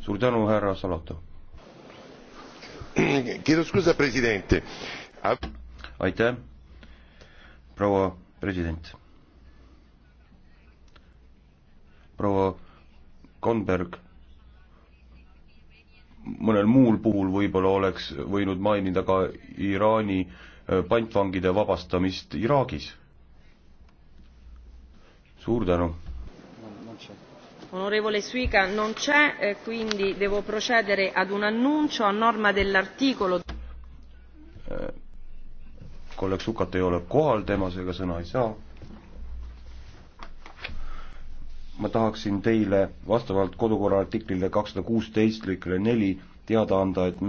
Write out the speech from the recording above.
suur tänu, härra Salato. aitäh, proua president. proua Konberg, mõnel muul puhul võib-olla oleks võinud mainida ka Iraani äh, pantvangide vabastamist Iraagis. suur tänu onorevole uica non c'è eh, quindi devo procedere ad un annuncio a norma dell'articolo. Eh, kolleeg Sukat ei ole kohal, tema seega sõna ei saa. ma tahaksin teile vastavalt kodukorra artiklile kakssada kuusteist lõikele neli teada anda, et